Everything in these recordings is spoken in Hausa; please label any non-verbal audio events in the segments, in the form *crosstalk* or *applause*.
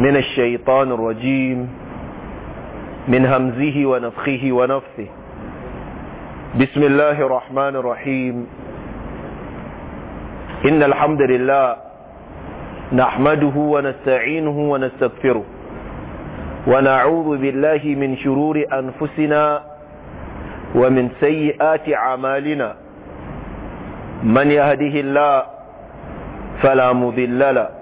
من الشيطان الرجيم من همزه ونفخه ونفثه بسم الله الرحمن الرحيم إن الحمد لله نحمده ونستعينه ونستغفره ونعوذ بالله من شرور أنفسنا ومن سيئات أعمالنا من يهده الله فلا مضل له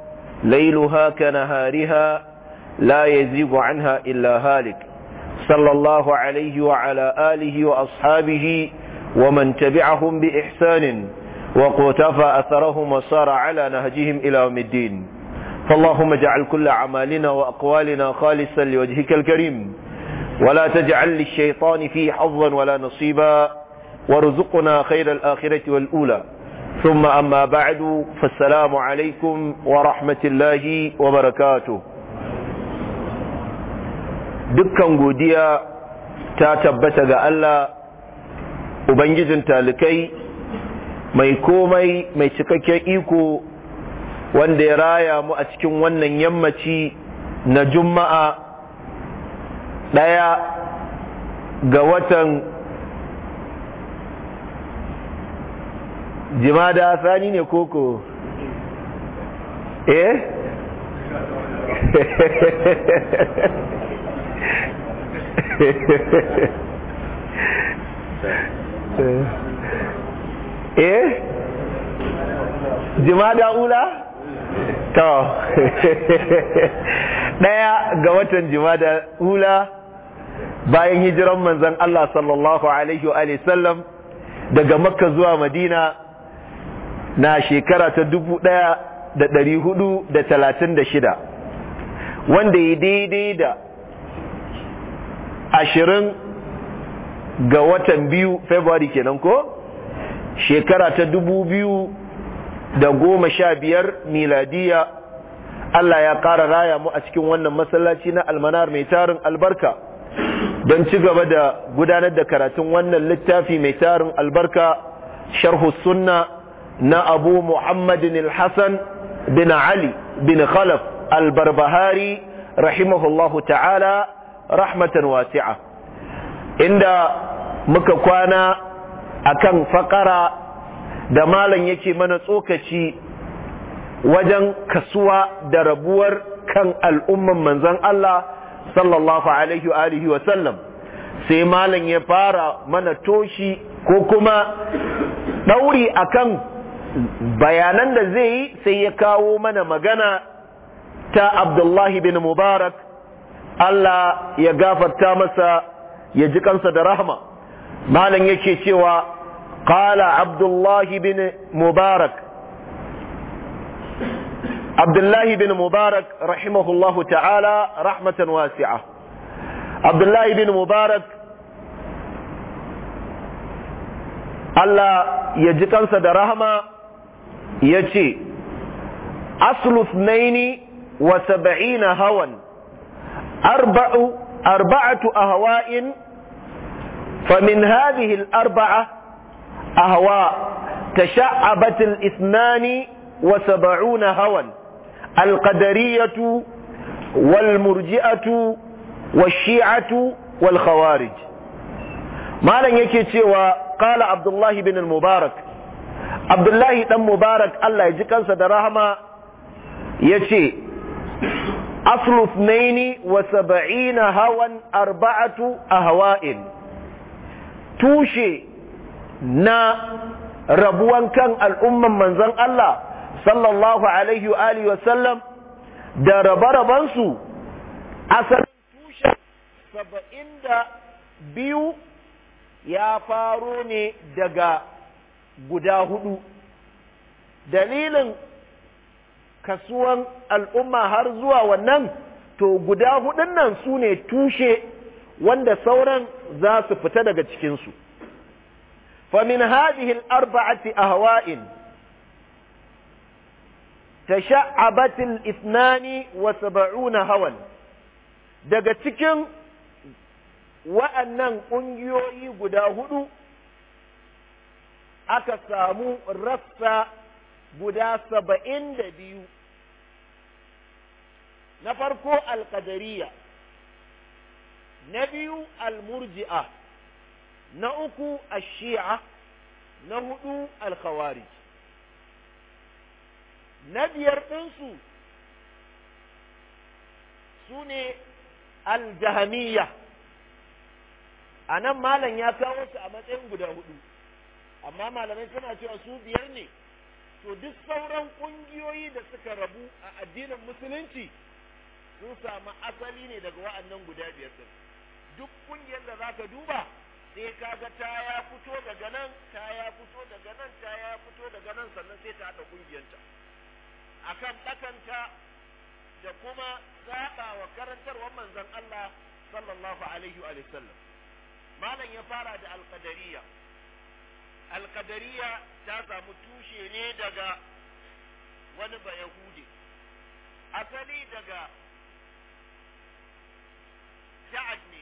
ليلها كنهارها لا يزيغ عنها إلا هالك صلى الله عليه وعلى آله وأصحابه ومن تبعهم بإحسان وقتفى أثرهم وصار على نهجهم إلى يوم الدين فاللهم اجعل كل عمالنا وأقوالنا خالصا لوجهك الكريم ولا تجعل للشيطان فيه حظا ولا نصيبا وارزقنا خير الآخرة والأولى ثم أما بعد فالسلام عليكم ورحمة الله وبركاته dukkan godiya ta tabbata ga Allah Ubangijin talikai mai komai mai cikakken iko wanda ya raya mu a cikin wannan yammaci na juma'a ɗaya ga watan jimada sani ne koko eh *laughs* eh jimada ula to *laughs* daya ga watan jimada ula bayan hijiran manzon Allah sallallahu alaihi wa sallam daga makka zuwa madina na shekara ta dubu ɗaya da ɗari hudu da talatin da shida wanda ya daidai da ashirin ga watan biyu february kenan ko shekara ta dubu biyu da goma sha biyar miladiya Allah ya ƙara raya mu a cikin wannan masallaci na almanar mai tarin albarka don ci gaba da gudanar da karatun wannan littafi mai tarin albarka sharhu sunna na abu muhammadin al-hassan bin ali bin khalaf al-barbahari rahimahullahu ta'ala rahmatan wasi'a inda muka kwana akan fakara da malam yake mana tsokaci wajen kasuwa da rabuwar kan al'umman manzan Allah sallallahu alaihi wa sallam sai malam ya fara mana toshi ko kuma ɗauri akan bayanan da zai yi sai ya kawo mana magana ta abdullahi bin mubarak Allah ya gafarta masa ya ji kansa da rahama malam yake cewa qala abdullahi bin mubarak abdullahi bin mubarak rahimahullahu ta'ala rahmatan wasi'a abdullahi bin mubarak Allah ya ji kansa da rahama. يجي أصل اثنين وسبعين هوا أربع أربعة أهواء فمن هذه الأربعة أهواء تشعبت الاثنان وسبعون هوا القدرية والمرجئة والشيعة والخوارج ما لن يكي قال عبد الله بن المبارك abdullahi dan mubarak Allah ya ji kansa da rahama ya ce aslu naini wa saba'ina hawan arba'atu a hawa'in tushe na rabuwan kan al'umman manzan Allah sallallahu alaihi wa alihi wa sallam da rabe-rabensu asalin tushen saba'in da biyu ya faro ne daga guda hudu dalilin kasuwan al'umma har zuwa wannan to guda hudun nan su ne tushe wanda sauran za su fita daga cikinsu famin hadihil arba'ati ahwa'in tasha'abatil ithnani wa saba'una hawan daga cikin wa'annan ƙungiyoyi guda hudu aka samu rassa guda saba'in da biyu na farko alkadariya na biyu almurji'a na uku ashi'a na hudu alkhawari na biyar ɗinsu su ne aljahamiya a nan malam ya kawo su a matsayin guda hudu amma malamai suna cewa su biyar ne to duk sauran ƙungiyoyi da suka rabu a addinin musulunci sun samu asali ne daga wa'annan guda biyar din duk ƙungiyar da za ka duba sai ka ga ta ya fito daga nan ta ya fito daga nan ta ya fito daga nan sannan sai ta haɗa ƙungiyarta akan ɗakanta da kuma zaɓa wa karantarwar manzon Allah sallallahu alaihi wa sallam malam ya fara da alƙadariya alkadariya ta samu tushe ne daga wani bayahude asali daga sha'ad ne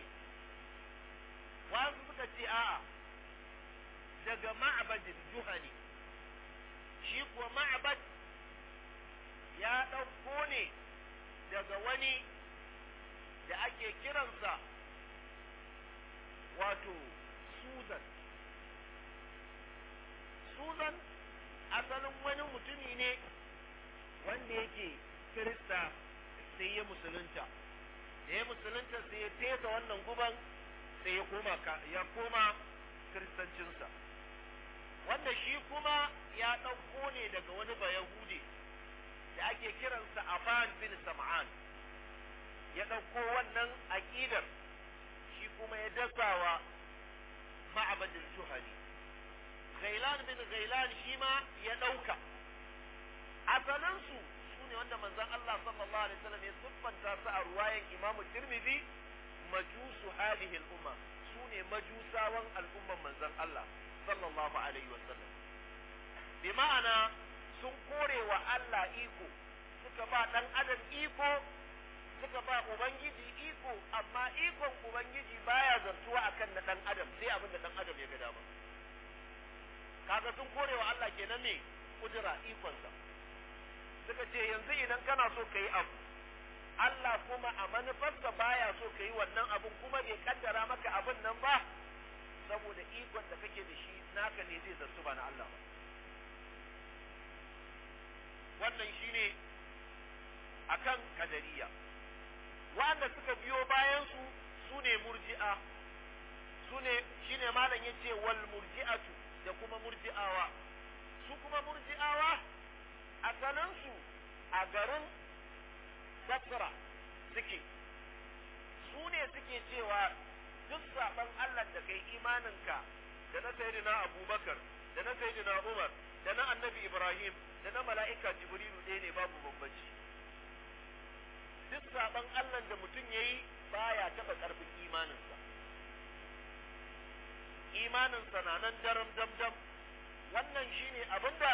wasu suka ce a'a daga ma'abadin juhani shi kuwa ma'abad ya ɗauko ne daga wani da ake kiransa wato suzan Susan asalin wani mutumi ne wanda yake Kirista sai ya musulunta da ya musulunta sai ya fesa wannan guban sai ya koma ya koma kiristancinsa wanda shi kuma ya ɗauko ne daga wani bayahudi da ake kiransa Aban bin Sam'an ya ɗauko wannan aƙidar shi kuma ya dasawa ma'abadin juhani ghailan bin ghailan shi ma ya ɗauka asalinsu su ne wanda manzan Allah sallallahu alaihi wasallam ya siffanta su a ruwayan imamu tirmidhi majusu halihi al'umma su ne majusawan al'umman manzan Allah sallallahu alaihi wasallam bi ma'ana sun kore wa Allah iko suka ba dan adam iko suka ba ubangiji iko amma ikon ubangiji baya zartuwa akan na dan adam sai abin da dan adam ya ga dama kaga sun kore Allah kenan ne kudura ikonsa suka ce yanzu idan kana so ka abu Allah kuma a manufarsa baya so ka yi wannan abun kuma bai kaddara maka abin nan ba saboda ikon da kake da shi naka ne zai zartu ba na Allah ba wannan shine akan kadariya wanda suka biyo bayansu su ne murji'a su ne shine malam yace wal murji'atu da kuma murji'awa su kuma murji'awa a asalinsu a garin basra suke su ne suke cewa duk saban Allah da kai imaninka da na sayyidina Abubakar da na sayyidina Umar da na annabi Ibrahim da na mala'ika Jibrilu ɗaya ne babu bambanci duk saban Allah da mutum yayi baya taɓa ƙarfin imaninsa imanin sananan daram damdam wannan shine abin da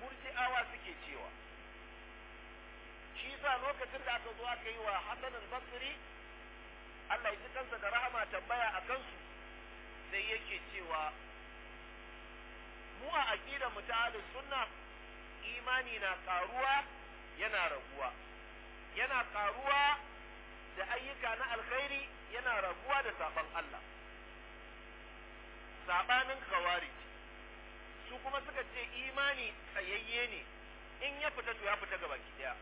murji'awa suke cewa shi sa lokacin da aka zo aka yi wa Hassan al Allah ya ji kansa da rahama tambaya a kansu sai yake cewa mu a aƙidar mu ta sunna imani na karuwa yana raguwa yana karuwa da ayyuka na alkhairi yana raguwa da safan Allah sabanin kawari su kuma suka ce imani tsayayye ne in ya fita to ya fita gaba ki daya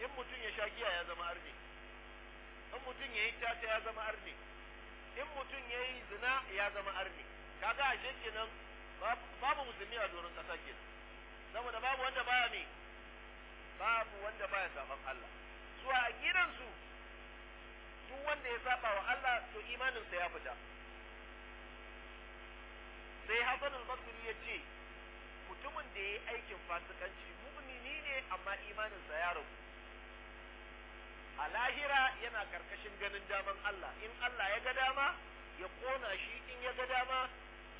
in mutum ya sha giya ya zama arne in mutum ya yi tata ya zama arne in mutum ya yi zina ya zama arne kaga ashe nan babu musulmi a doron kasa kenan saboda babu wanda baya ne babu wanda baya saban Allah su a gidansu duk wanda ya saba wa Allah to imaninsa ya fita sai hasan al-basri ya ce mutumin da ya yi aikin fasikanci mu'mini ne amma imaninsa ya rabu. a lahira yana karkashin ganin daman Allah in Allah ya ga dama ya kona shi in ya ga dama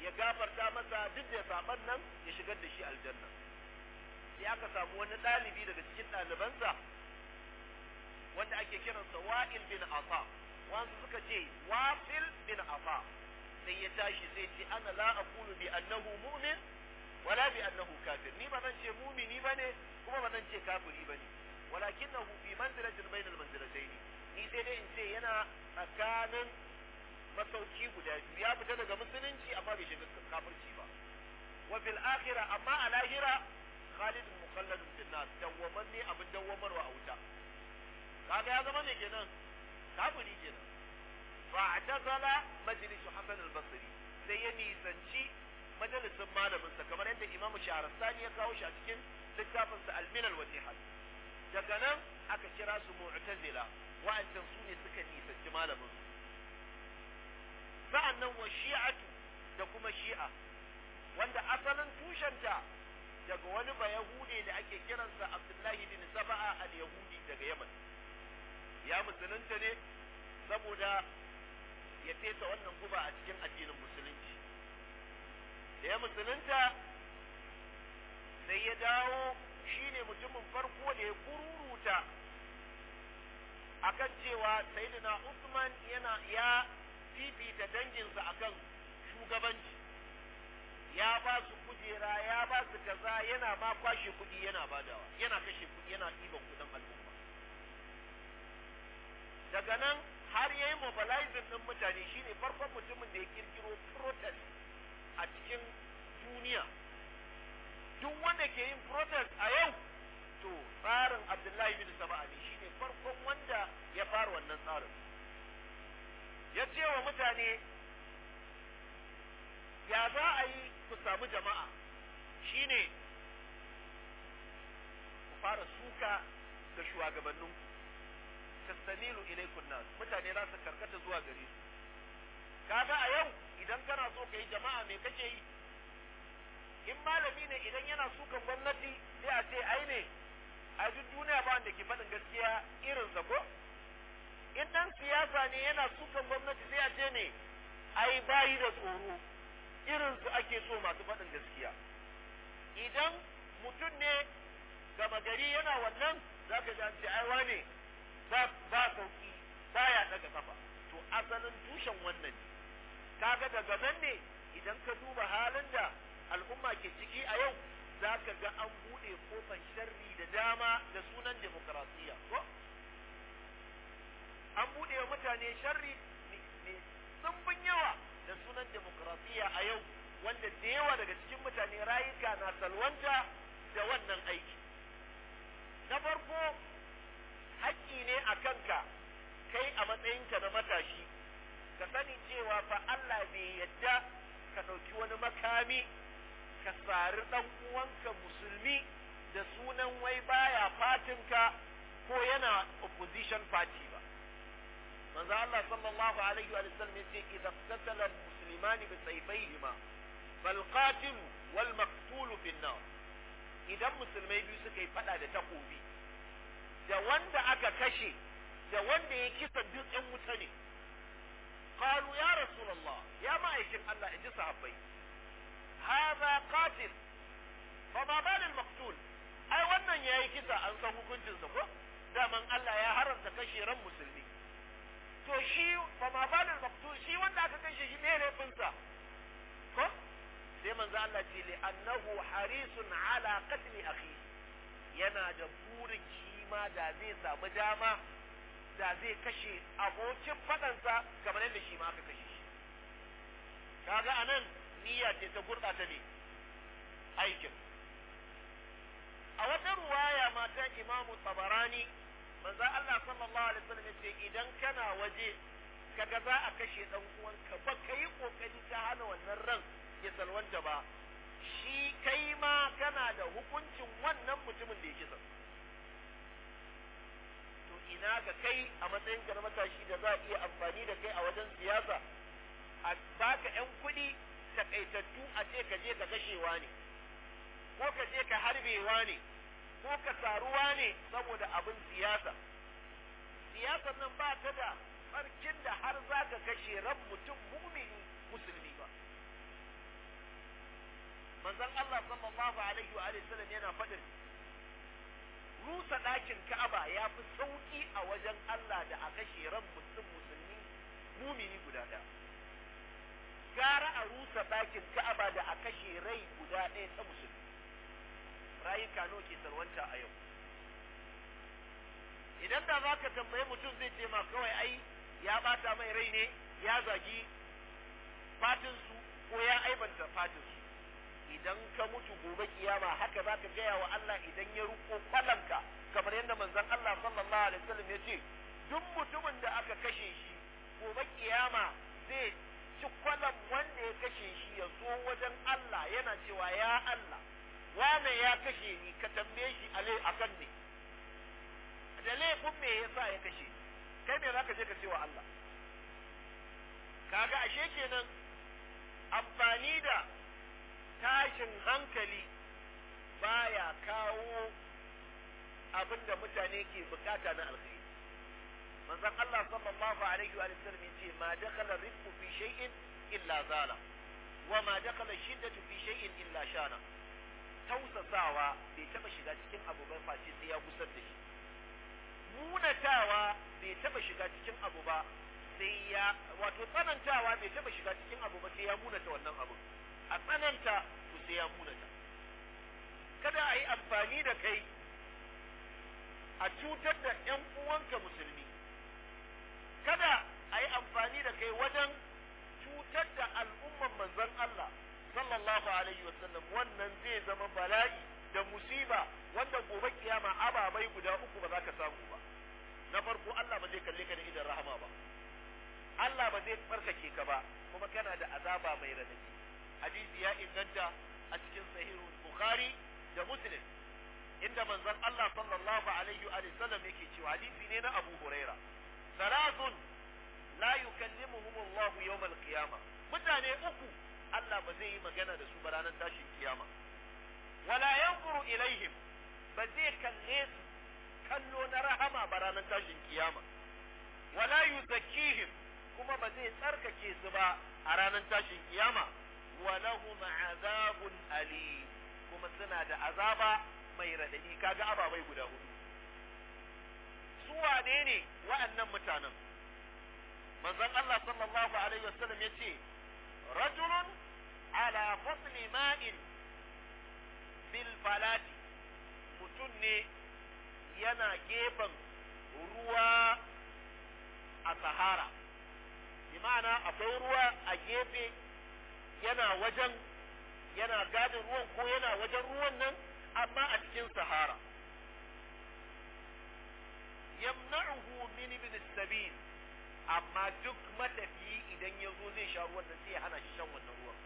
ya gafarta masa duk da saban nan ya shigar da shi aljanna sai aka samu wani ɗalibi daga cikin ɗalibansa wanda ake kiransa wa'il bin afa wasu suka ce wafil bin afa sai ya tashi sai ce ana la kulu bi annahu mu'min wala bi annahu kafir ni ba zan ce mu'mini bane kuma ba zan ce kafiri bane walakinahu fi manzilatin bai manzilatayn ni sai dai in ce yana tsakanin masauki guda biyu ya fita daga musulunci amma bai shiga kafirci ba wa fil amma a lahira khalid mukallad fil dawwaman ne abin dawwamarwa a wuta kaga ya zama ne kenan kafiri kenan fa'tazala majlis Hasan al-Basri sai ya nisanci majalisin malaminsa kamar yadda Imam Sharastani ya kawo shi a cikin littafinsa sa wani min daga nan aka kira su Mu'tazila wa'antan su ne suka nisanci malamin su sa'annan wa shi'atu da kuma shi'a wanda asalin tushenta daga wani ba yahudi da ake kiransa abdullahi bin saba'a al yahudi daga yaman ya musulunta ne saboda ya fesa wannan guba a cikin addinin musulunci da ya musulunta sai ya dawo shine mutumin farko da ya kururuta akan cewa sayyidina Usman yana ya fifita danginsa akan shugabanci ya ba su kujera ya ba su kaza yana ma kwashe kuɗi yana badawa yana kashe kuɗi yana ɗiban kuɗin al'umma daga nan har ya yi mobilizing ɗin mutane shine farkon mutumin da ya kirkiro protest a cikin duniya duk wanda ke yin protest a yau to tsarin abdullahi bin saba'a ne shine farkon wanda ya fara wannan tsarin ya ce wa mutane ya za a yi ku samu jama'a shine ku fara suka da shugabanninku tastamilu ilaikun nas mutane za su karkata zuwa gare su kaga a yau idan kana so ka yi jama'a me kake yi in malami ne idan yana sukan gwamnati sai a ce ai ne a duk duniya ba wanda ke faɗin gaskiya irin sa ko in dan siyasa ne yana sukan gwamnati sai a ce ne ai bayi da tsoro irin su ake so masu faɗin gaskiya idan mutum ne gama gari yana wannan zaka ji an ce ai wane ba ba ya baya daga kafa to asalin tushen wannan ne kaga daga nan ne idan ka duba halin da al'umma ke ciki a yau za ka ga an buɗe kofan sharri da dama da sunan demokrasiya ko an buɗe wa mutane sharri ne sun yawa da sunan demokrasiya a yau wanda da yawa daga cikin mutane rayuka na salwanta da wannan aiki na farko haƙƙi ne a kanka kai a matsayinka na matashi ka sani cewa fa Allah bai yadda ka ɗauki wani makami ka sari ɗan uwanka musulmi da sunan wai baya fatinka ko yana opposition party ba manzo Allah sallallahu alaihi wa sallam yace idza qatala musliman bi sayfayhima fal qatil wal maqtul fi nar idan musulmai biyu suka yi fada da takobi da wanda aka kashe da wanda ya kisa duk ɗan wuta ne Kalu ya rasulullah ya ma'aikin Allah in ji sahabbai hadha fa ma balil ai wannan yayi kisa an san hukuncin sa ko daman Allah ya haramta kashe ran musulmi to shi fa ma balil shi wanda aka kashe shi ne laifin sa ko sai manzo Allah ce li annahu harisun ala qatl akhi yana da burin shi ma da zai samu dama da zai kashe abokin faɗansa kamar yadda shi ma aka kashe shi kaga anan niyya ce ta gurɗata ne aikin a wata ruwaya matan imamu tabarani manzo Allah sallallahu alaihi wasallam yace idan kana waje kaga za a kashe dan uwanka ba kai kokari ta hana wannan ran ya salwanta ba shi kai ma kana da hukuncin wannan mutumin da ya kisa ina ga kai a matsayin ka na matashi da za a iya amfani da kai a wajen siyasa a baka yan kuɗi takaitattu a ce ka je ka kashewa ne ko ka je ka harbewa ne ko ka saruwa ne saboda abin siyasa siyasar nan ba ta da farkin da har za ka kashe ran mutum mumini musulmi ba manzon Allah sallallahu alaihi wa sallam yana faɗin rusa ɗakin ka'aba ya fi sauƙi a wajen Allah da a kashe ran mutum musulmi mumini guda ɗaya gara a rusa ɗakin ka'aba da a kashe rai guda ɗaya ta musulmi rayuka nawa ke sarwanta a yau idan da za ka tambaye mutum zai ce ma kawai ai ya bata mai rai ne ya zagi fatinsu ko ya aibanta fatinsu idan ka mutu gobe kiyama haka za ka gaya wa Allah idan ya ruko kwalanka kamar yadda manzon Allah sallallahu alaihi wasallam ya ce duk mutumin da aka kashe shi gobe kiyama zai ci kwalan wanda ya kashe shi ya zo wajen Allah yana cewa ya Allah wane ya kashe ni ka tambaye shi alai akan ne da laifin me yasa ya kashe kai me zaka je ka ce wa Allah kaga ashe kenan amfani da tashin hankali baya kawo abin da mutane ke bukata na alkhairi manzon Allah sallallahu alaihi wa sallam yace ma dakhala rizqu fi shay'in illa zala wa ma dakhala shiddatu fi shay'in illa shana tausasawa bai taba shiga cikin abu ba face sai ya gusar da shi munatawa bai taba shiga cikin abu ba sai ya wato tsanantawa bai taba shiga cikin abu ba sai ya munata wannan abu a tsananta to sai ya munata kada a yi amfani da kai a cutar da ‘yan uwanka musulmi kada a yi amfani da kai wajen cutar da al'umman manzon Allah sallallahu alaihi wasallam wannan zai zama bala'i da musiba wanda gobe kiyama ababai guda uku ba za ka samu ba na farko Allah ba zai kalle ka da idan rahama ba Allah ba zai ke ka ba kuma kana da azaba mai radadi hadisi ya inganta a cikin sahihu bukhari da muslim inda manzon Allah sallallahu alaihi wa sallam yake cewa hadisi ne na Abu Huraira salatun la yukallimuhum Allah yawm al-qiyamah mutane uku Allah ba zai yi magana da su ba ranar tashin kiyama wala yanzuru ilaihim ba zai kalle su kallo na rahama ba ranar tashin kiyama wala yuzakkihim kuma ba zai tsarkake su ba a ranar tashin kiyama wa lahum azabun ali kuma suna da azaba mai radadi kaga ababai guda hudu su wanene ne wa'annan mutanen manzon Allah sallallahu alaihi wasallam yace rajulun ala fasli ma'in bil falati ne yana gefen ruwa a sahara bi akwai ruwa a gefe yana wajen yana gadin ruwan ko yana wajen ruwan nan amma a cikin sahara yamna'uhu min ibn sabil amma duk matafiyi idan ya zo zai sha ruwan nan sai hana shi shan wannan ruwan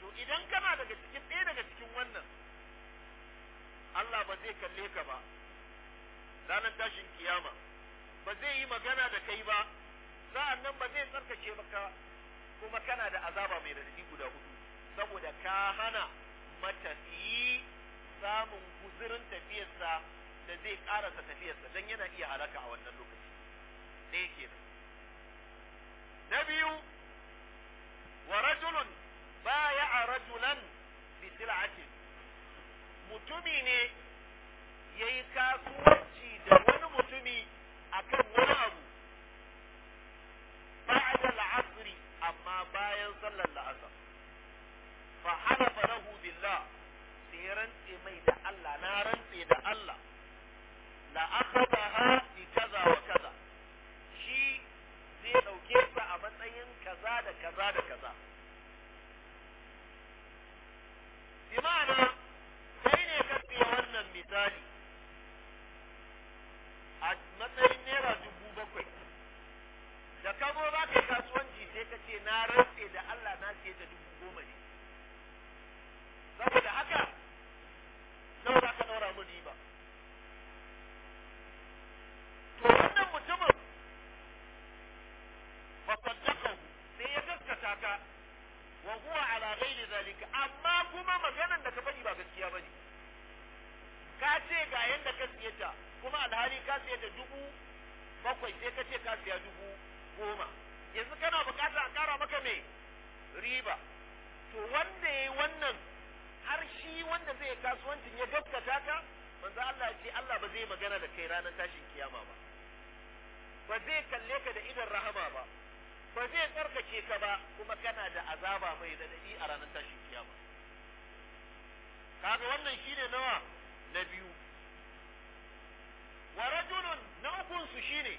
to idan kana daga cikin ɗaya daga cikin wannan Allah ba zai kalle ka ba ranar tashin kiyama ba zai yi magana da kai ba sa'an nan ba zai tsarkace maka kuma kana da azaba mai radadi guda hudu saboda ka hana matafiyi samun guzurin tafiyarsa da zai karasa tafiyarsa don yana iya halaka a wannan lokaci ɗaya kenan na biyu ka siye ta kuma alhali ka siye ta dubu bakwai sai ka ce ka siya dubu goma yanzu kana bukata a kara maka mai riba to wanda ya yi wannan har shi wanda zai kasuwancin ya gaskata ka manzo Allah ya ce Allah ba zai magana da kai ranar tashin kiyama ba ba zai kalle ka da idan rahama ba ba zai tsarkake ka ba kuma kana da azaba mai dadi a ranar tashin kiyama kaga wannan shine nawa na biyu wa rajulun na ukun su shine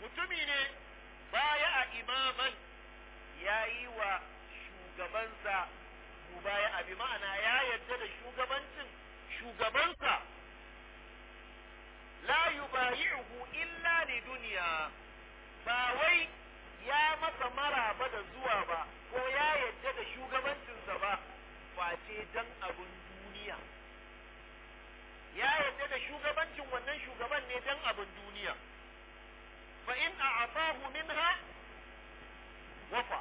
mutumi ne baya a imaman yi wa shugabansa baya a bi ma'ana ya yarda da shugabancin shugabansa la yubayi'uhu illa li duniya ba wai ya masa maraba da zuwa ba ko ya yarda da shugabancinsa ba face dan abin duniya ya yadda da shugabancin wannan shugaban ne don abin duniya fa in a'atahu minha wafa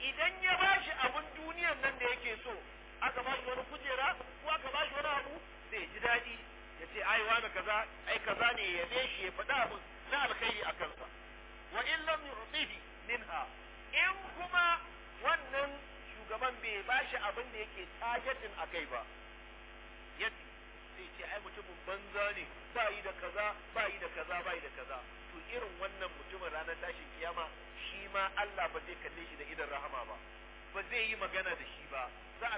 idan ya bashi abin duniyan nan da yake so aka bashi wani kujera ko aka bashi wani abu zai ji daɗi ya ce ai wani kaza ai kaza ne ya be shi ya faɗa abin na alkhairi a kansa wa in lam yu'tihi minha in kuma wannan shugaban bai bashi abin da yake targetin akai ba sai ce ai mutumin banza ne ba yi da kaza ba yi da kaza ba yi da kaza to irin wannan mutumin ranar tashin kiyama shi ma Allah ba zai kalle shi da idan rahama ba ba zai yi magana da shi ba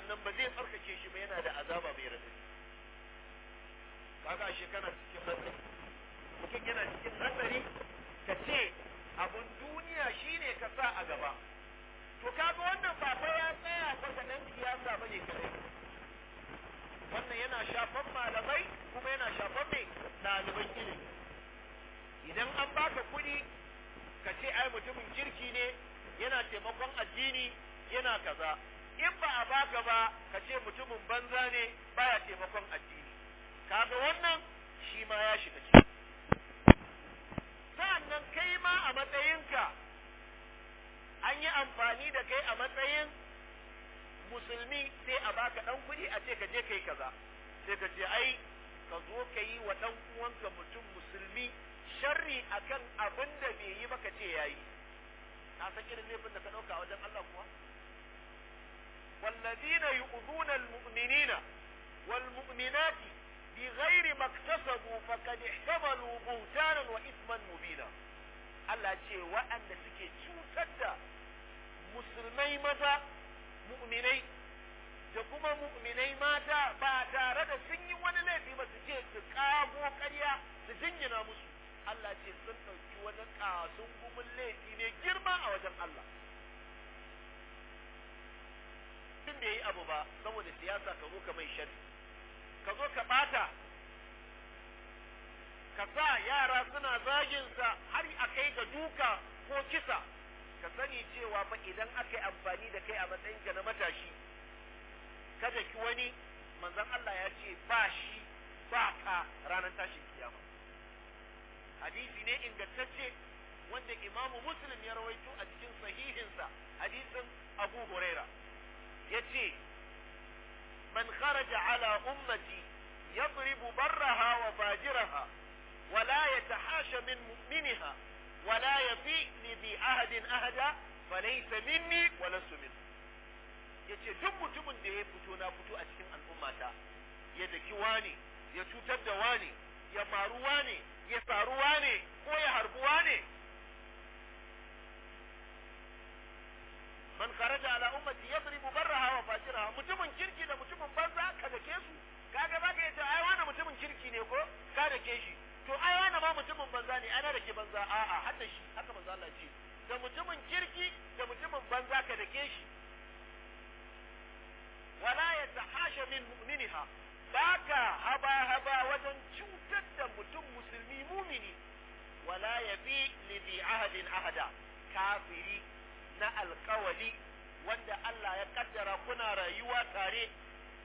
nan ba zai farkace shi ba yana da azaba mai radadi kaga shi kana cikin hatsari mutum yana cikin hatsari ka ce abun duniya shine ka sa a gaba to kaga wannan ba fa ya tsaya fa kaɗan ba bane kadai wannan yana shafan malamai kuma yana shafan mai ɗaliban ilimi idan an baka kuɗi ka ce ai mutumin kirki ne yana taimakon addini yana kaza in ba a baka ba ka ce mutumin banza ne baya taimakon addini kaga wannan shi ma ya shiga ciki sa'annan kai ma a matsayinka an yi amfani da kai a matsayin musulmi sai a baka dan kuɗi a ce ka je kai kaza sai ka ce ai ka zo ka yi wa dan uwanka mutum musulmi sharri akan abin da bai yi ba ka ce yayi ka san irin laifin da ka dauka wajen Allah kuwa والذين يؤذون المؤمنين والمؤمنات بغير ما اكتسبوا فقد احتملوا بهتانا واثما مبينا Allah ce waɗanda suke cutar da musulmai maza mu'minai da kuma mu'minai mata ba tare da sun yi wani laifi ba su ce su kago ƙarya su jingina musu Allah ce sun ɗauki wani ƙasun gumin laifi ne girma a wajen Allah tun da yi abu ba saboda siyasa ka zo ka mai shari ka zo ka ɓata ka sa yara suna zaginsa har a kai ga duka ko kisa ka sani cewa fa idan aka yi amfani da kai a matsayinka na matashi kada ki wani manzon Allah ya ce ba shi ba ka ranar tashin kiyama hadisi ne ingantacce wanda imamu muslim ya rawaito a cikin sahihinsa hadisin abu huraira ya ce man kharaja ala ummati yadribu barraha wa fajiraha ولا يتحاشى من muminiha ولا يطيعني بأحد أحدا فليس مني ولست منه yace duk mutumin da ya fito na fito a cikin al'ummata ya daki wani ya cutar da wani ya faru wani ya faru wani ko ya harbu wani man kharaja ala ummati yadribu barraha wa fajiraha mutumin kirki da mutumin banza ka dake su kaga baka yace ai wani mutumin kirki ne ko ka dake shi to ai wani ma mutumin banza ne ana da ke banza a'a hada shi haka manzo Allah ce da mutumin kirki da mutumin banza ka dake shi wala yatahasha min mu'miniha baka haba haba wajen cutar da mutum musulmi mumini wala yabi li bi ahadin ahada kafiri na alkawali wanda Allah ya kaddara kuna rayuwa tare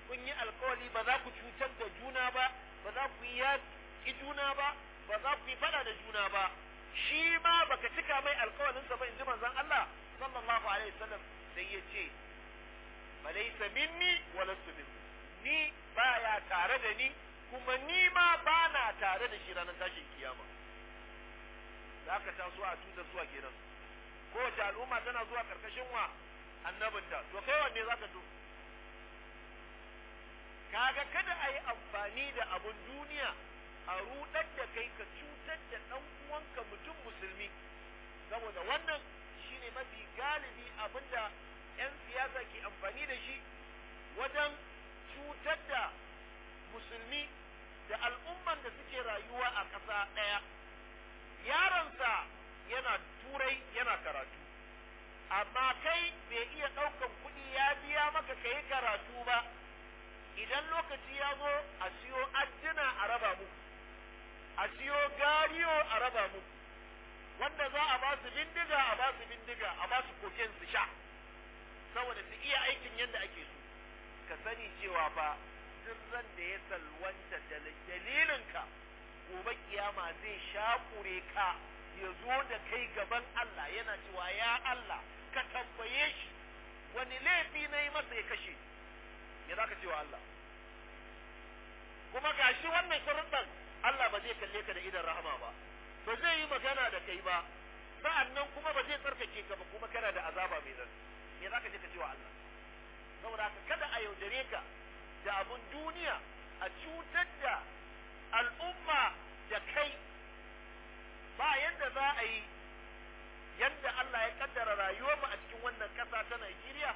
kun yi alkawali ba za ku cutar da juna ba ba za ku yi yaki ki juna ba ba za ku yi fada da juna ba shi ma baka cika mai sa ba in ji manzon Allah sallallahu alaihi wasallam sai ya ce balaysa minni wa lastu minni ni baya tare da ni kuma ni ma ba na tare da shi ranar tashin kiyama za ka taso a tutar zuwa kenan kowace al'umma tana zuwa karkashin wa annabinta to kai wanne za ka to kaga kada a yi amfani da abun duniya a rudar da kai ka cutar da dan uwanka mutum musulmi saboda wannan shine mafi galibi abinda yan siyasa ke amfani da shi wajen cutar da musulmi da al'umman da suke rayuwa a ƙasa ɗaya yaronsa yana turai yana karatu amma kai bai iya ɗaukan kuɗi ya biya maka ka yi karatu ba idan lokaci ya zo a siyo addina a raba muku a siyo gariyo a raba mu wanda za a ba su bindiga a ba su bindiga a ba su koken su sha saboda su iya aikin yadda ake so ka sani cewa ba sirran da ya salwanta dalilinka gobe kiyama zai shakure ka ya zo da kai gaban Allah yana cewa ya Allah ka tambaye shi wani laifi na yi masa ya kashe ya za ka cewa Allah kuma gashi wannan sharuɗan Allah ba zai kalle ka da idan rahama ba ba zai yi magana da kai ba nan kuma ba zai tsarkake ka ba kuma kana da azaba mai zan me ka je ka wa Allah saboda haka kada a yaudare ka da abun duniya a cutar da al'umma da kai ba yadda za a yi yadda Allah ya kaddara rayuwar mu a cikin wannan kasa ta Najeriya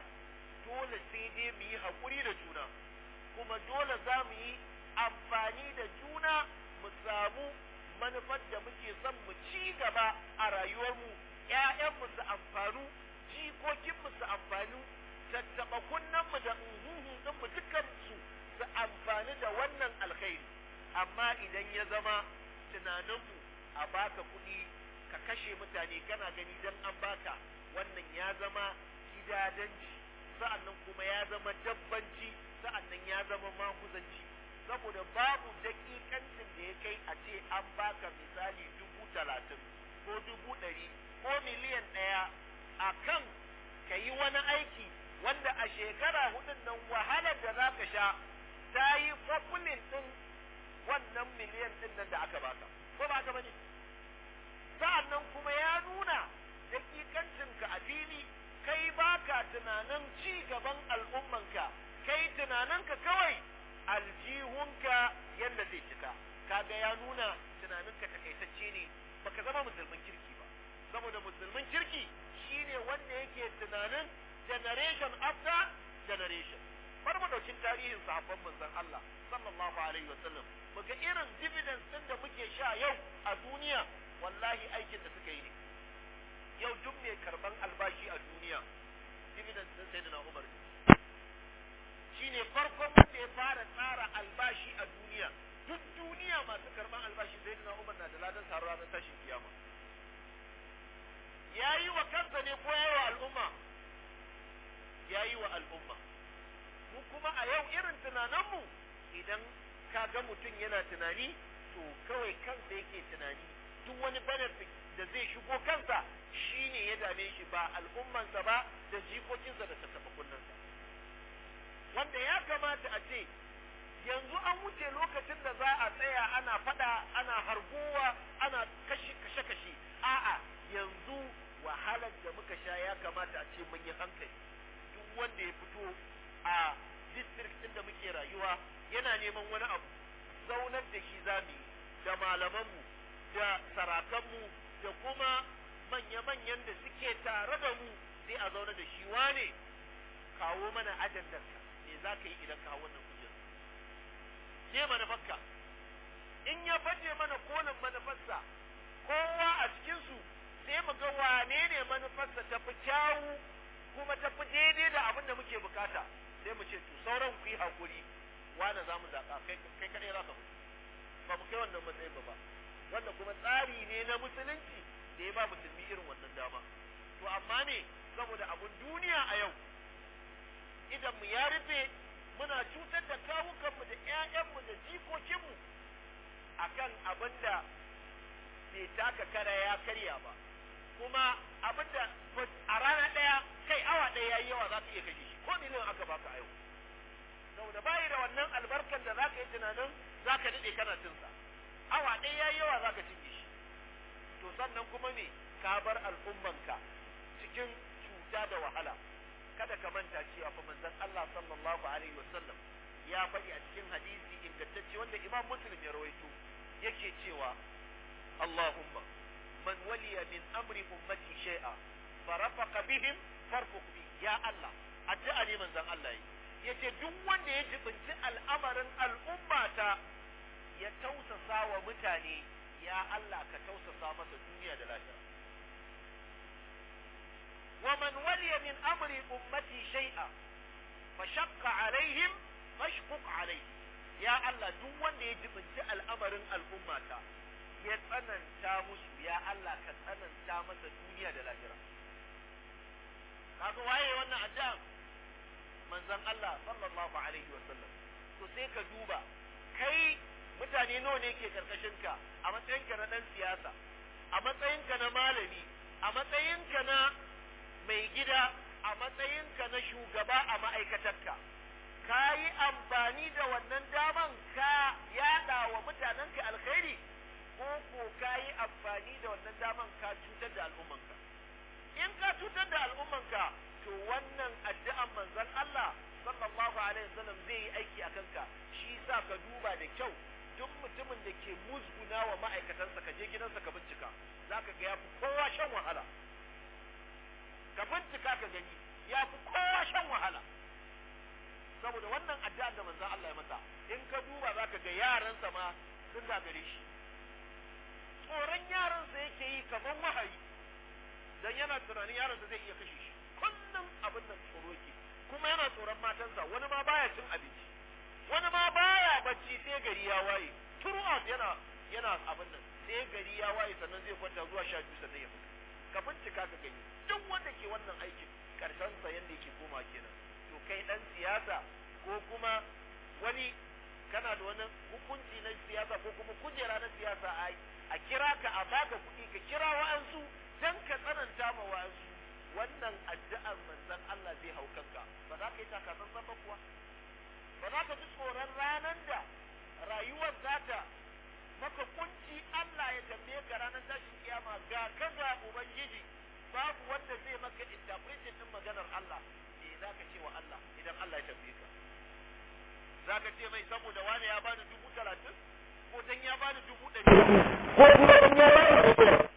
dole sai dai mu yi haƙuri da juna kuma dole za mu yi amfani da juna mu samu manufar da muke son mu ci gaba a rayuwarmu mu su amfanu jikokinmu su amfanu tattaɓa mu da uhuhu ɗinmu dukansu su amfani da wannan alkhairi amma idan ya zama tunaninmu a baka kuɗi ka kashe mutane kana gani dan an baka wannan ya zama gidadanci sa'annan kuma ya zama dabbanci sa'annan ya zama makuzanci. saboda babu dakikancin da ya kai a ce an baka misali dubu talatin ko dubu ɗari ko miliyan ɗaya a kan ka yi wani aiki wanda a shekara hudun nan wahalar da za ka sha ta yi fafulin ɗin wannan miliyan ɗin nan da aka baka ko ba ka bane sa'an nan kuma ya nuna dakikancinka a fili kai baka tunanin ci gaban al'ummanka kai ka kawai aljihunka yadda zai cika kaga ya nuna tunaninka takaitacce ne baka zama musulmin kirki ba saboda musulmin kirki shine wanda yake tunanin generation after generation bar mu dauki tarihin sahabban manzon Allah sallallahu alaihi wasallam muga irin dividends din da muke sha yau a duniya wallahi aikin da suka yi ne yau duk mai karban albashi a duniya dividends din sai da Umar ne shine farkon wanda ya fara tsara albashi a duniya duk duniya masu karban albashi sai na umar na da ladan taro ranar tashin kiyama ya yi wa kansa ne ko ya wa al'umma ya yi wa al'umma mu kuma a yau irin tunaninmu idan ka ga mutum yana tunani to kawai kansa yake tunani duk wani benefit da zai shigo kansa shine ya dame shi ba al'ummansa ba da jikokinsa da tattaɓa kunnansa wanda ya kamata a ce yanzu an wuce lokacin da za a tsaya ana fada ana harguwa ana kashe-kashe a'a yanzu wahalar da muka sha ya kamata a ce mun yi hankali duk wanda ya fito a district din da muke rayuwa yana neman wani abu zaunar da shi zamu da malamanmu da sarakanmu da kuma manya-manyan da suke tare da mu sai a zauna da shi wane kawo mana ajandarsa me za yi idan ka hau wannan kujerar ne manufarka in ya faɗe mana kolin manufarsa kowa a cikinsu sai mu ga wane ne manufarsa ta fi kyawu kuma ta fi daidai da abin da muke bukata sai mu ce to sauran ku yi hakuri wane za mu zaɓa kai kaɗai za ka mutu ba mu kai wannan matsayin ba ba wanda kuma tsari ne na musulunci da ya ba musulmi irin wannan dama to amma ne saboda abun duniya a yau mu ya rufe muna cutar da kawukanmu da 'ya'yanmu da jikokinmu kan abin da bai taka kara ya karya ba kuma abin da a rana ɗaya kai awa ɗaya ya yi yawa za ka iya kashe shi ko miliyan aka baka a yau saboda bayi da wannan albarkar da za ka yi tunanin za ka daɗe kana cinsa awa ɗaya ya yi yawa za ka cinye shi to sannan kuma ne ka bar al'ummanka cikin cuta da wahala kada ka manta cewa fa manzon Allah sallallahu alaihi wasallam ya faɗi a cikin hadisi ingantacce wanda Imam Muslim ya rawaito yake cewa Allahumma man waliya min amri ummati shay'a farafaqa bihim farfuq bi ya Allah addu'a ne manzon Allah yi yace duk wanda ya jibinci al'amarin al'ummata ya tausasa wa mutane ya Allah ka tausasa masa duniya da lafiya ومن ولي من أمر أمتي شيئا فشق عليهم فاشقق عليه يا الله duk wanda ya jibinci al'amarin al'ummata ya tsananta musu ya Allah ka tsananta masa duniya da lahira kaga waye wannan addu'a manzon Allah sallallahu alaihi wa sallam sai ka duba kai mutane nawa ne ke karkashin ka a matsayinka na dan siyasa a matsayinka na malami a matsayinka na mai gida a matsayinka na shugaba a ma'aikatarka ka yi amfani da wannan daman ka yada wa mutanenka alkhairi ko ko ka yi amfani da wannan daman ka cutar da al'ummanka in ka cutar da al'ummanka to wannan addu'an manzon Allah sallallahu alaihi wasallam zai yi aiki a kanka shi sa ka duba da kyau duk mutumin da ke musguna wa ma'aikatansa ka je gidansa ka bincika zaka ga yafi kowa shan wahala ka bincika ka gani ya fi kowa shan wahala saboda wannan addu'a da manzon Allah ya masa in ka duba zaka ga sa ma sun gagare shi tsoron sa yake yi kamar wahayi dan yana tunanin sa zai iya kashe shi kullum abin da tsoro yake kuma yana tsoron matansa wani ma baya cin abinci wani ma baya bacci sai gari ya waye throughout yana yana abin nan sai gari ya waye sannan zai kwanta zuwa sha biyu sannan ya fita ka bincika ka gani duk wanda ke wannan aikin karshen sa yanda yake koma kenan to kai dan siyasa ko kuma wani kana da wani hukunci na siyasa ko kuma kujera na siyasa a kira ka a baka kuɗi ka kira wa'ansu dan ka tsananta ma wa'ansu babu wanda zai maka interpretation din maganar Allah eh zaka ce wa Allah idan Allah ya tambaye ka zaka ce mai saboda wani ya bani dubu talatin ko dan ya bani dubu ɗari ko kuma dan ya bani dubu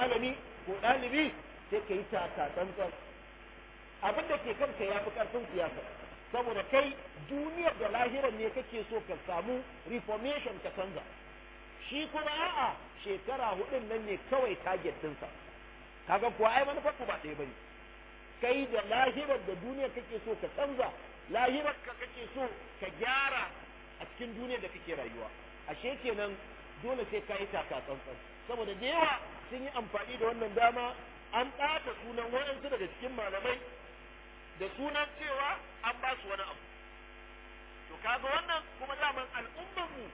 malami ko ɗalibi sai ka yi taka abin da ke kanka ya fi ƙarfin ku ya saboda kai duniyar da lahirar ne kake so ka samu reformation ka canza shi kuma a'a shekara hudun nan ne kawai target ɗinsa kaga kuwa ai manufar ku ba ɗaya bane kai da lahirar da duniyar kake so ka canza lahirar ka kake so ka gyara a cikin duniyar da kake rayuwa ashe kenan dole sai ka yi taka tsantsan saboda da yawa sun yi amfani da wannan dama an ɓata sunan waɗansu daga cikin malamai da sunan cewa an ba su wani abu to kaga wannan kuma daman al'ummanmu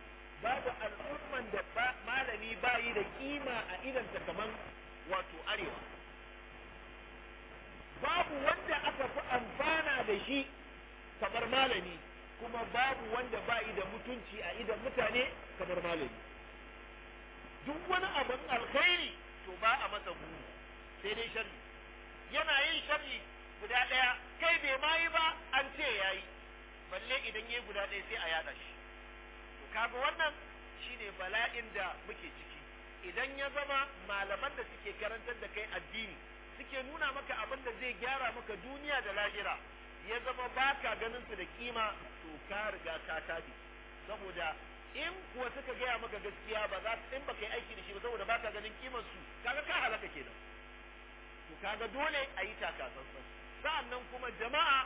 babu al'umman da malami bayi da kima a idanta kaman wato arewa babu wanda aka fi amfana da shi kamar malami kuma babu wanda bayi da mutunci a idan mutane kamar malami duk wani abin alkhairi to ba a masa buru sai dai sharri yana yin sharri guda ɗaya kai bai ma yi ba an ce ya yi balle idan ya yi guda ɗaya sai a yaɗa shi to kaga wannan shine bala'in da muke ciki idan ya zama malaman da suke karantar da kai addini suke nuna maka abin da zai gyara maka duniya da lahira ya zama baka ganin su da kima to ka riga ka tabi saboda in kuwa suka gaya maka gaskiya ba za su in baka yi aiki da shi ba saboda baka ganin kimar su kaga ka halaka kenan to kaga dole a yi taka tsantsan sa'annan kuma jama'a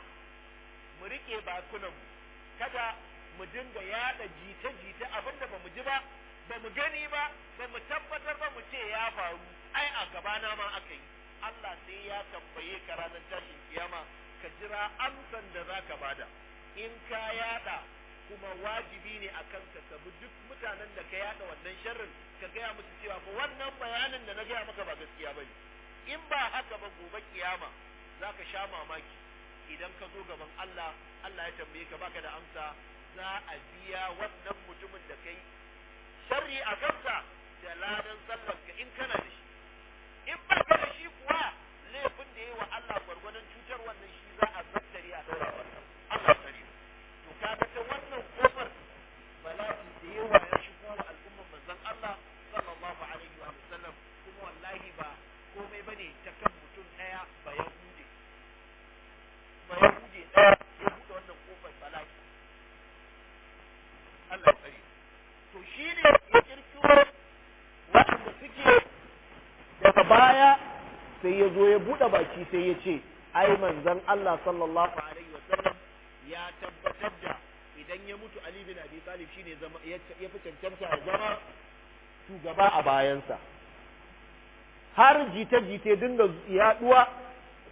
mu rike bakunan mu kada mu dinga yada jita-jita abinda ba mu ji ba ba mu gani ba ba mu tabbatar ba mu ce ya faru ai a gabana ma aka yi Allah sai ya tambaye ka ranar tashin kiyama ka jira amsan da za ka bada in ka yada kuma wajibi ne a kanka ka bi duk mutanen da ka yada wannan sharrin ka gaya musu cewa ba wannan bayanin da na gaya maka ba gaskiya bane in ba haka ba gobe kiyama zaka sha mamaki idan ka zo gaban Allah Allah ya tambaye ka baka da amsa za a biya wannan mutumin da kai sharri a kansa da ladan sallar ka in kana da shi in ba ka da shi kuwa laifin da yi wa Allah gwargwadon cutar wannan shi za a zattare a daura wannan buɗe baki sai ya ce ai manzon Allah sallallahu alaihi wasallam ya tabbatar da idan ya mutu Ali bin Abi Talib shine zama ya fi cancanta ya zama shugaba a bayansa har jita-jita dinga yaduwa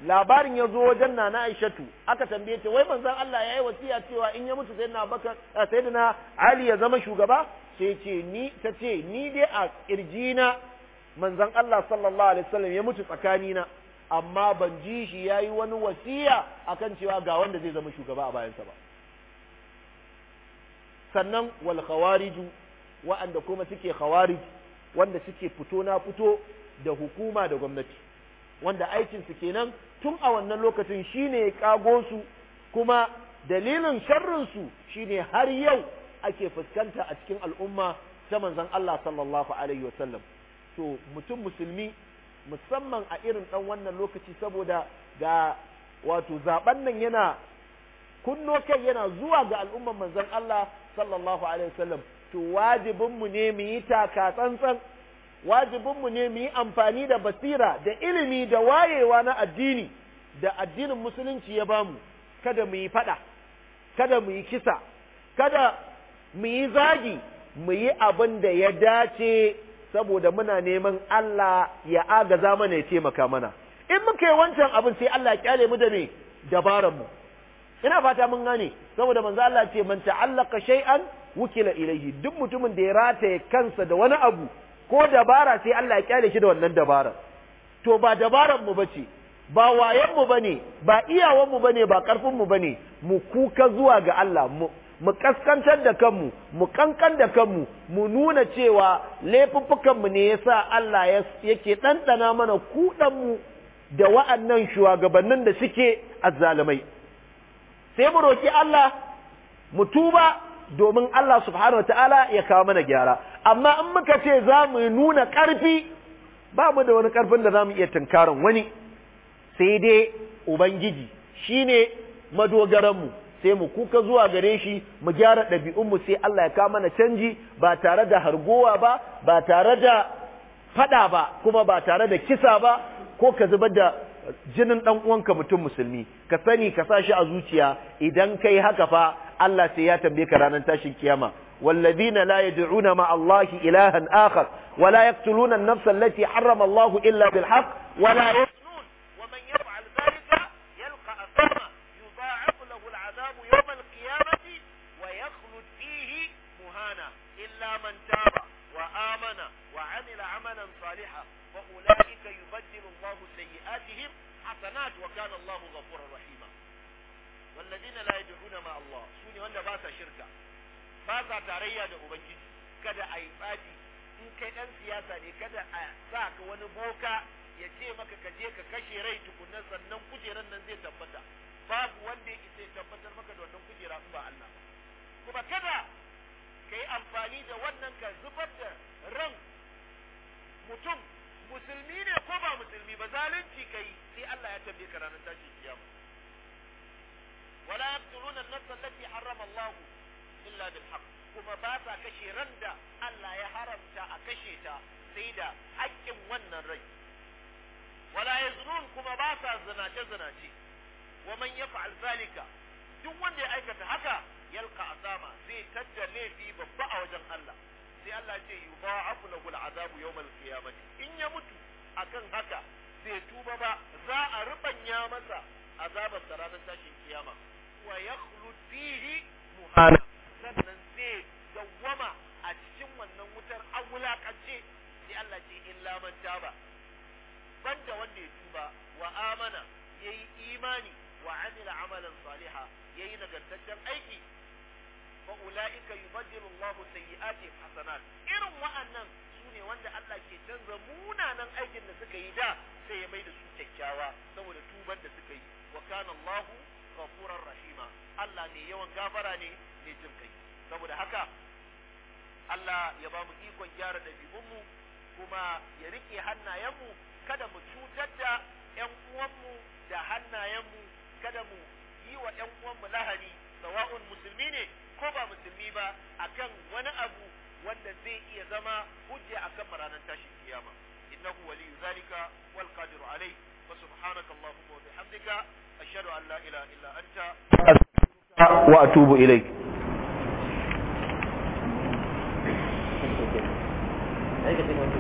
labarin ya zo wajen Nana Aishatu aka tambaye ta wai manzon Allah yayi wasiya cewa in ya mutu sayyidina Abubakar eh, sayyidina Ali ya zama shugaba sai ce ni ta ce ni dai a kirjina manzon Allah sallallahu alaihi wasallam ya mutu tsakanina amma ban ji shi ya yi wani wasiya akan cewa ga wanda zai zama shugaba a bayansa ba sannan wal khawariju wa'anda kuma suke khawarij wanda suke fito na fito da hukuma da gwamnati wanda aikin su kenan tun a wannan lokacin shine ya kago su kuma dalilin sharrinsu shine har yau ake fuskanta a cikin al'umma ta manzon Allah sallallahu alaihi wasallam to mutum musulmi musamman a irin ɗan wannan lokaci saboda ga wato zaben nan yana kunno kai yana zuwa ga al'ummar manzon Allah sallallahu alaihi wasallam to wajibinmu ne mu yi taka tsantsan wajibinmu ne mu yi amfani da basira da ilimi da wayewa na addini da addinin musulunci ya bamu kada mu yi fada kada mu yi kisa kada mu yi zagi mu yi abin da ya dace saboda muna neman Allah ya aga mana ya taimaka mana in muka yi wancan abin sai Allah ya kyale mu da me dabaran mu ina fata mun gane saboda manzo Allah ce man ta'allaka shay'an wukila ilayhi duk mutumin da ya rataye kansa da wani abu ko dabara sai Allah ya kyale shi da wannan dabaran to ba dabaran mu bace ba wayan mu bane ba iyawan mu bane ba karfin mu bane mu kuka zuwa ga Allah mu mu kaskantar da kanmu mu kankan da kanmu mu nuna cewa laifuffukanmu ne yasa Allah yake ɗanɗana mana kuɗanmu da wa'annan shugabannin da suke azzalumai sai mu roki Allah mu tuba domin Allah subhanahu wataala ya kawo mana gyara amma in muka ce za mu nuna ƙarfi ba mu da wani ƙarfin da za mu iya tunkarin wani sai dai ubangiji shine madogaranmu sai mu kuka zuwa gare shi mu gyara ɗabi'unmu sai Allah ya kawo mana canji ba tare da hargowa ba ba tare da faɗa ba kuma ba tare da kisa ba ko ka zubar da jinin ɗan uwanka mutum musulmi ka sani ka sa shi a zuciya idan kai haka fa Allah sai ya tambaye ka ranar tashin kiyama والذين لا يدعون مع الله إلها آخر ولا يقتلون النفس التي حرم الله إلا بالحق ولا amana illa man wa amana wa amila amalan salihan ulaika yubaddilu Allahu sayyi'atihim hasanat wa kana Allahu ghafurur rahima ma Allah sune wanda ba shirka ba tarayya da ubangiji kada a yi kai siyasa ne kada wani boka ya ce maka ka je ka kashe rai tukunna sannan kujeran nan zai tabbata babu wanda yake sai tabbatar maka da wannan kujera ba Allah ba kuma kada ka yi amfani da wannan ka zubar da ran mutum musulmi ne ko ba musulmi ba zalunci ka yi sai Allah ya tambaye ka ranar tashin kiyama wala yaqtuluna an-nafs allati harrama Allah illa bil haqq kuma ba sa kashe ran da Allah ya haramta a kashe ta sai da haƙƙin wannan rai wala yazrun kuma ba sa zinace zinace wa man yaf'al zalika duk wanda ya aikata haka Yalka azama zai tadda laifi babba a wajen Allah sai Allah ce yudha'afu lahu al'azabu yawmal qiyamati in ya mutu akan haka bai tuba ba za a ruɓanya masa azabar sa ranar tashin kiyama wa ya fihi muhana sannan zai dawwama a cikin wannan wutar an wulakance sai Allah ce illa man ba banda wanda ya tuba wa amana yayi imani wa amila amalan saliha yayi nagartaccen aiki fa ulaika yubaddilu Allahu sayyi'atihim hasanat irin wa'annan sune wanda Allah ke canza munanan aikin da suka yi da sai ya mai da su kyakkyawa saboda tuban da suka yi wa kana Allahu ghafurar rahima Allah ne yawan gafara ne ne jin saboda haka Allah ya ba mu ikon gyara mu kuma ya rike hannayenmu kada mu cutar da ‘yan uwanmu da hannayenmu kada mu yi wa ‘yan uwanmu lahani sawa'un musulmi ne ko ba musulmi ba akan wani abu wanda zai iya zama hujja akan maranan tashin kiyama innahu waliyu zalika wal qadiru alayh wa subhanaka allahumma wa bihamdika ashhadu an la ilaha illa anta wa atubu ilayk Thank you.